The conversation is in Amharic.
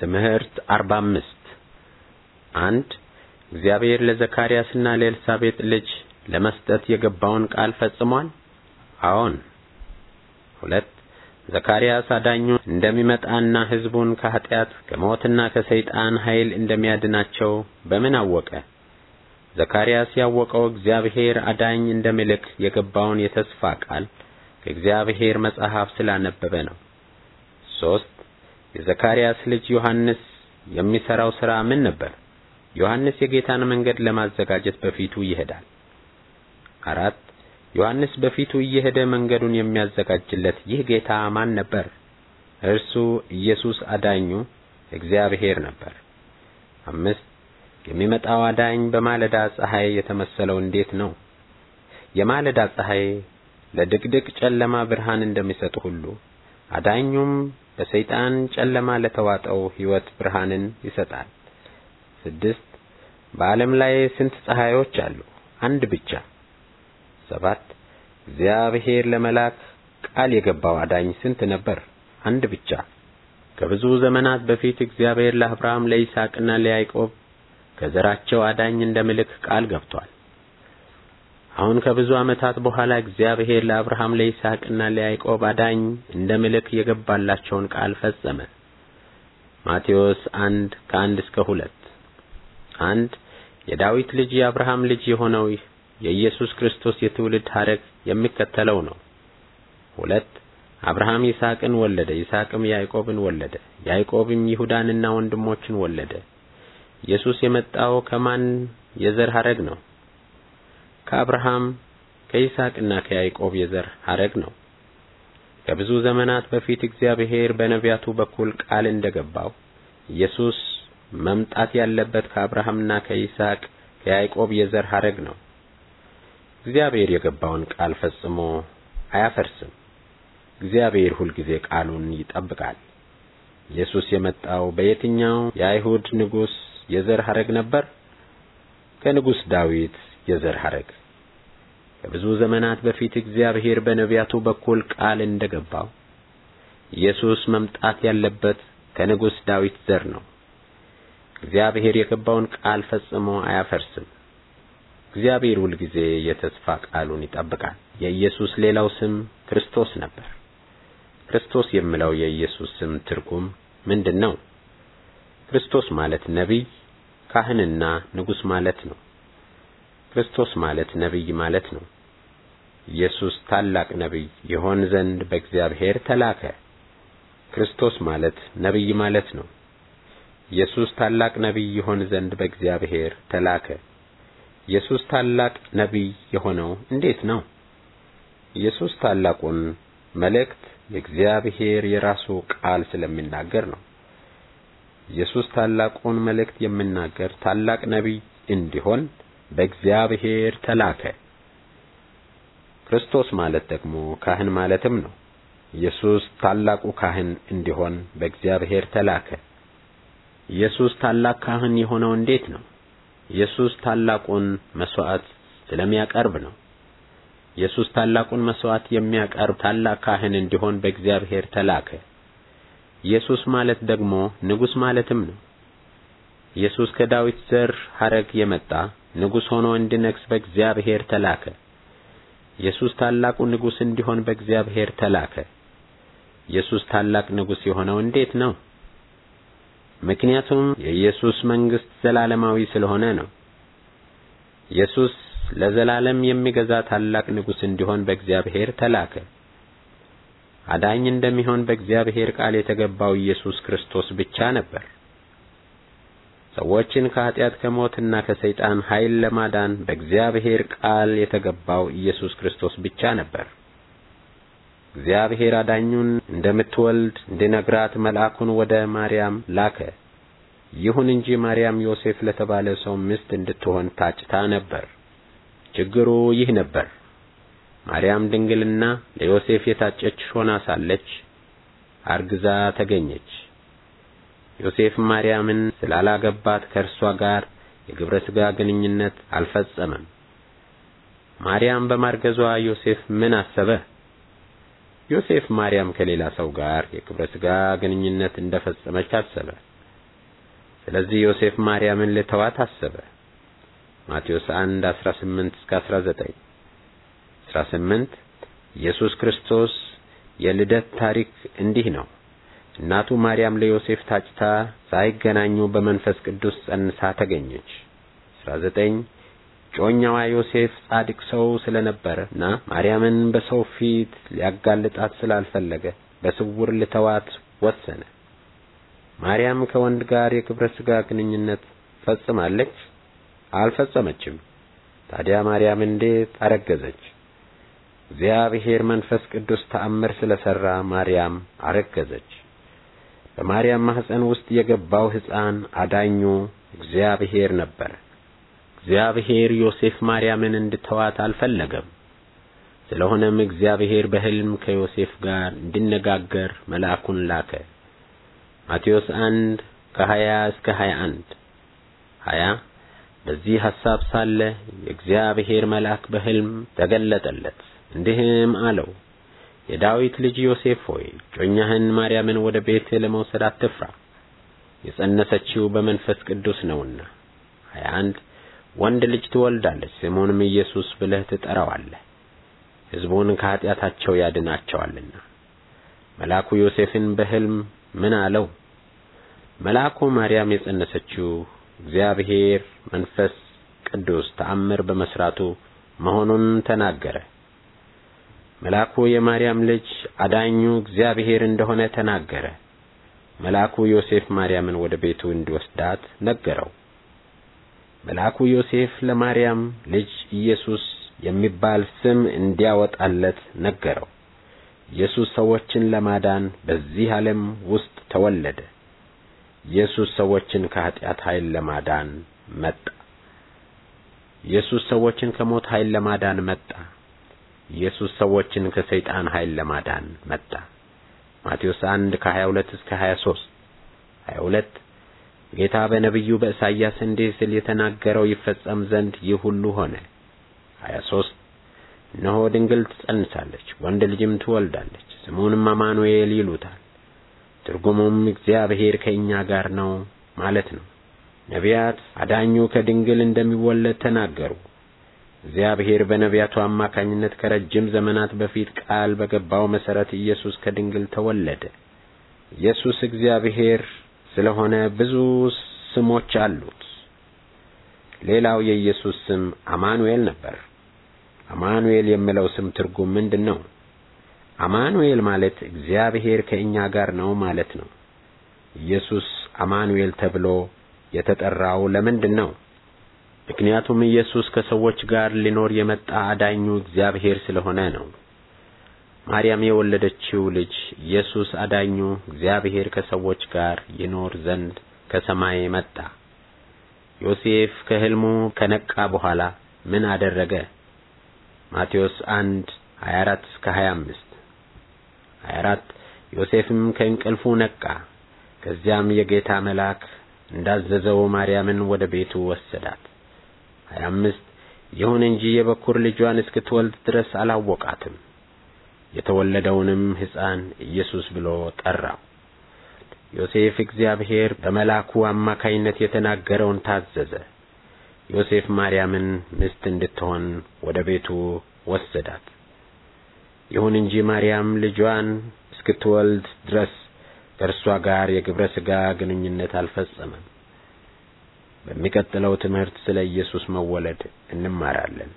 ትምህርት 45 አንድ እግዚአብሔር ለዘካርያስና ለኤልሳቤጥ ልጅ ለመስጠት የገባውን ቃል ፈጽሟል? አዎን። ሁለት ዘካርያስ አዳኙ እንደሚመጣና ሕዝቡን ከኃጢአት ከሞትና ከሰይጣን ኃይል እንደሚያድናቸው በምን አወቀ? ዘካርያስ ያወቀው እግዚአብሔር አዳኝ እንደሚልክ የገባውን የተስፋ ቃል ከእግዚአብሔር መጽሐፍ ስላነበበ ነው። ሶስት የዘካርያስ ልጅ ዮሐንስ የሚሰራው ሥራ ምን ነበር? ዮሐንስ የጌታን መንገድ ለማዘጋጀት በፊቱ ይሄዳል። አራት ዮሐንስ በፊቱ እየሄደ መንገዱን የሚያዘጋጅለት ይህ ጌታ ማን ነበር? እርሱ ኢየሱስ አዳኙ እግዚአብሔር ነበር። አምስት የሚመጣው አዳኝ በማለዳ ፀሐይ የተመሰለው እንዴት ነው? የማለዳ ፀሐይ ለድቅድቅ ጨለማ ብርሃን እንደሚሰጥ ሁሉ አዳኙም በሰይጣን ጨለማ ለተዋጠው ሕይወት ብርሃንን ይሰጣል። ስድስት በዓለም ላይ ስንት ፀሐዮች አሉ? አንድ ብቻ። ሰባት እግዚአብሔር ለመላክ ቃል የገባው አዳኝ ስንት ነበር? አንድ ብቻ። ከብዙ ዘመናት በፊት እግዚአብሔር ለአብርሃም ለይስሐቅና ለያዕቆብ ከዘራቸው አዳኝ እንደ ምልክ ቃል ገብቷል። አሁን ከብዙ ዓመታት በኋላ እግዚአብሔር ለአብርሃም ለይስሐቅና ለያዕቆብ አዳኝ እንደ ምልክ የገባላቸውን ቃል ፈጸመ። ማቴዎስ 1 ከአንድ እስከ 2 አንድ የዳዊት ልጅ የአብርሃም ልጅ የሆነው የኢየሱስ ክርስቶስ የትውልድ ሐረግ የሚከተለው ነው። ሁለት አብርሃም ይስሐቅን ወለደ፣ ይስሐቅም ያዕቆብን ወለደ፣ ያዕቆብም ይሁዳንና ወንድሞችን ወለደ። ኢየሱስ የመጣው ከማን የዘር ሐረግ ነው? ከአብርሃም ከይስሐቅና ከያዕቆብ የዘር ሐረግ ነው። ከብዙ ዘመናት በፊት እግዚአብሔር በነቢያቱ በኩል ቃል እንደገባው ኢየሱስ መምጣት ያለበት ከአብርሃምና ከይስሐቅ ከያዕቆብ የዘር ሐረግ ነው። እግዚአብሔር የገባውን ቃል ፈጽሞ አያፈርስም። እግዚአብሔር ሁልጊዜ ቃሉን ይጠብቃል። ኢየሱስ የመጣው በየትኛው የአይሁድ ንጉሥ የዘር ሐረግ ነበር? ከንጉሥ ዳዊት የዘር ሐረግ ከብዙ ዘመናት በፊት እግዚአብሔር በነቢያቱ በኩል ቃል እንደገባው ኢየሱስ መምጣት ያለበት ከንጉሥ ዳዊት ዘር ነው። እግዚአብሔር የገባውን ቃል ፈጽሞ አያፈርስም። እግዚአብሔር ሁልጊዜ የተስፋ ቃሉን ይጠብቃል። የኢየሱስ ሌላው ስም ክርስቶስ ነበር። ክርስቶስ የሚለው የኢየሱስ ስም ትርጉም ምንድን ነው? ክርስቶስ ማለት ነቢይ፣ ካህንና ንጉሥ ማለት ነው። ክርስቶስ ማለት ነቢይ ማለት ነው። ኢየሱስ ታላቅ ነቢይ ይሆን ዘንድ በእግዚአብሔር ተላከ። ክርስቶስ ማለት ነቢይ ማለት ነው። ኢየሱስ ታላቅ ነቢይ ይሆን ዘንድ በእግዚአብሔር ተላከ። ኢየሱስ ታላቅ ነቢይ የሆነው እንዴት ነው? ኢየሱስ ታላቁን መልእክት የእግዚአብሔር የራሱ ቃል ስለሚናገር ነው። ኢየሱስ ታላቁን መልእክት የሚናገር ታላቅ ነቢይ እንዲሆን በእግዚአብሔር ተላከ። ክርስቶስ ማለት ደግሞ ካህን ማለትም ነው። ኢየሱስ ታላቁ ካህን እንዲሆን በእግዚአብሔር ተላከ። ኢየሱስ ታላቅ ካህን የሆነው እንዴት ነው? ኢየሱስ ታላቁን መስዋዕት ስለሚያቀርብ ነው። ኢየሱስ ታላቁን መስዋዕት የሚያቀርብ ታላቅ ካህን እንዲሆን በእግዚአብሔር ተላከ። ኢየሱስ ማለት ደግሞ ንጉሥ ማለትም ነው። ኢየሱስ ከዳዊት ዘር ሐረግ የመጣ ንጉሥ ሆኖ እንድነግሥ በእግዚአብሔር ተላከ። ኢየሱስ ታላቁ ንጉሥ እንዲሆን በእግዚአብሔር ተላከ። ኢየሱስ ታላቅ ንጉሥ የሆነው እንዴት ነው? ምክንያቱም የኢየሱስ መንግሥት ዘላለማዊ ስለሆነ ነው። ኢየሱስ ለዘላለም የሚገዛ ታላቅ ንጉሥ እንዲሆን በእግዚአብሔር ተላከ። አዳኝ እንደሚሆን በእግዚአብሔር ቃል የተገባው ኢየሱስ ክርስቶስ ብቻ ነበር። ሰዎችን ከኃጢአት ከሞትና ከሰይጣን ኃይል ለማዳን በእግዚአብሔር ቃል የተገባው ኢየሱስ ክርስቶስ ብቻ ነበር። እግዚአብሔር አዳኙን እንደምትወልድ እንዲነግራት መልአኩን ወደ ማርያም ላከ። ይሁን እንጂ ማርያም ዮሴፍ ለተባለ ሰው ሚስት እንድትሆን ታጭታ ነበር። ችግሩ ይህ ነበር። ማርያም ድንግልና ለዮሴፍ የታጨች ሆና ሳለች አርግዛ ተገኘች። ዮሴፍ ማርያምን ስላላገባት ከእርሷ ጋር የግብረ ሥጋ ግንኙነት አልፈጸመም። ማርያም በማርገዟ ዮሴፍ ምን አሰበ? ዮሴፍ ማርያም ከሌላ ሰው ጋር የግብረ ሥጋ ግንኙነት እንደፈጸመች አሰበ። ስለዚህ ዮሴፍ ማርያምን ልተዋት አሰበ። ማቴዎስ 1 18 እስከ 19 18 ኢየሱስ ክርስቶስ የልደት ታሪክ እንዲህ ነው። እናቱ ማርያም ለዮሴፍ ታጭታ ሳይገናኙ በመንፈስ ቅዱስ ጸንሳ ተገኘች። 19 ጮኛዋ ዮሴፍ ጻድቅ ሰው እና ማርያምን በሰው ፊት ሊያጋልጣት ስላልፈለገ በስውር ልተዋት ወሰነ። ማርያም ከወንድ ጋር የግብረ ሥጋ ግንኙነት ፈጽማለች? አልፈጸመችም። ታዲያ ማርያም እንዴት አረገዘች? እግዚአብሔር መንፈስ ቅዱስ ተአምር ስለሰራ ማርያም አረገዘች። በማርያም ማኅፀን ውስጥ የገባው ሕፃን አዳኙ እግዚአብሔር ነበር። እግዚአብሔር ዮሴፍ ማርያምን እንድተዋት አልፈለገም። ስለሆነም እግዚአብሔር በሕልም ከዮሴፍ ጋር እንዲነጋገር መልአኩን ላከ። ማቴዎስ አንድ ከሀያ እስከ ሀያ አንድ ሀያ በዚህ ሐሳብ ሳለ የእግዚአብሔር መልአክ በሕልም ተገለጠለት፣ እንዲህም አለው የዳዊት ልጅ ዮሴፍ ሆይ እጮኛህን ማርያምን ወደ ቤትህ ለመውሰድ አትፍራ፣ የጸነሰችው በመንፈስ ቅዱስ ነውና። ሀያ አንድ ወንድ ልጅ ትወልዳለች፣ ስሙንም ኢየሱስ ብለህ ትጠራዋለህ፣ ሕዝቡን ከኀጢአታቸው ያድናቸዋልና። መልአኩ ዮሴፍን በሕልም ምን አለው? መልአኩ ማርያም የጸነሰችው እግዚአብሔር መንፈስ ቅዱስ ተአምር በመሥራቱ መሆኑን ተናገረ መልአኩ የማርያም ልጅ አዳኙ እግዚአብሔር እንደሆነ ተናገረ። መልአኩ ዮሴፍ ማርያምን ወደ ቤቱ እንዲወስዳት ነገረው። መልአኩ ዮሴፍ ለማርያም ልጅ ኢየሱስ የሚባል ስም እንዲያወጣለት ነገረው። ኢየሱስ ሰዎችን ለማዳን በዚህ ዓለም ውስጥ ተወለደ። ኢየሱስ ሰዎችን ከኃጢአት ኃይል ለማዳን መጣ። ኢየሱስ ሰዎችን ከሞት ኃይል ለማዳን መጣ። ኢየሱስ ሰዎችን ከሰይጣን ኃይል ለማዳን መጣ። ማቴዎስ 1 ከ22 እስከ 23 22 ጌታ በነቢዩ በኢሳይያስ እንዲህ ሲል የተናገረው ይፈጸም ዘንድ ይህ ሁሉ ሆነ። 23 እነሆ ድንግል ትጸንሳለች፣ ወንድ ልጅም ትወልዳለች፣ ስሙንም አማኑኤል ይሉታል። ትርጉሙም እግዚአብሔር ከእኛ ጋር ነው ማለት ነው። ነቢያት አዳኙ ከድንግል እንደሚወለድ ተናገሩ። እግዚአብሔር በነቢያቱ አማካኝነት ከረጅም ዘመናት በፊት ቃል በገባው መሠረት ኢየሱስ ከድንግል ተወለደ። ኢየሱስ እግዚአብሔር ስለሆነ ብዙ ስሞች አሉት። ሌላው የኢየሱስ ስም አማኑኤል ነበር። አማኑኤል የሚለው ስም ትርጉም ምንድን ነው? አማኑኤል ማለት እግዚአብሔር ከእኛ ጋር ነው ማለት ነው። ኢየሱስ አማኑኤል ተብሎ የተጠራው ለምንድን ነው? ምክንያቱም ኢየሱስ ከሰዎች ጋር ሊኖር የመጣ አዳኙ እግዚአብሔር ስለሆነ ነው። ማርያም የወለደችው ልጅ ኢየሱስ አዳኙ እግዚአብሔር ከሰዎች ጋር ይኖር ዘንድ ከሰማይ መጣ። ዮሴፍ ከሕልሙ ከነቃ በኋላ ምን አደረገ? ማቴዎስ 1 24 እስከ 25 24 ዮሴፍም ከእንቅልፉ ነቃ። ከዚያም የጌታ መልአክ እንዳዘዘው ማርያምን ወደ ቤቱ ወሰዳት። 25 አምስት ይሁን እንጂ የበኩር ልጇን እስክትወልድ ድረስ አላወቃትም። የተወለደውንም ሕፃን ኢየሱስ ብሎ ጠራው። ዮሴፍ እግዚአብሔር በመልአኩ አማካይነት የተናገረውን ታዘዘ። ዮሴፍ ማርያምን ሚስት እንድትሆን ወደ ቤቱ ወሰዳት። ይሁን እንጂ ማርያም ልጇን እስክትወልድ ድረስ ከእርሷ ጋር የግብረ ሥጋ ግንኙነት አልፈጸመም። በሚቀጥለው ትምህርት ስለ ኢየሱስ መወለድ እንማራለን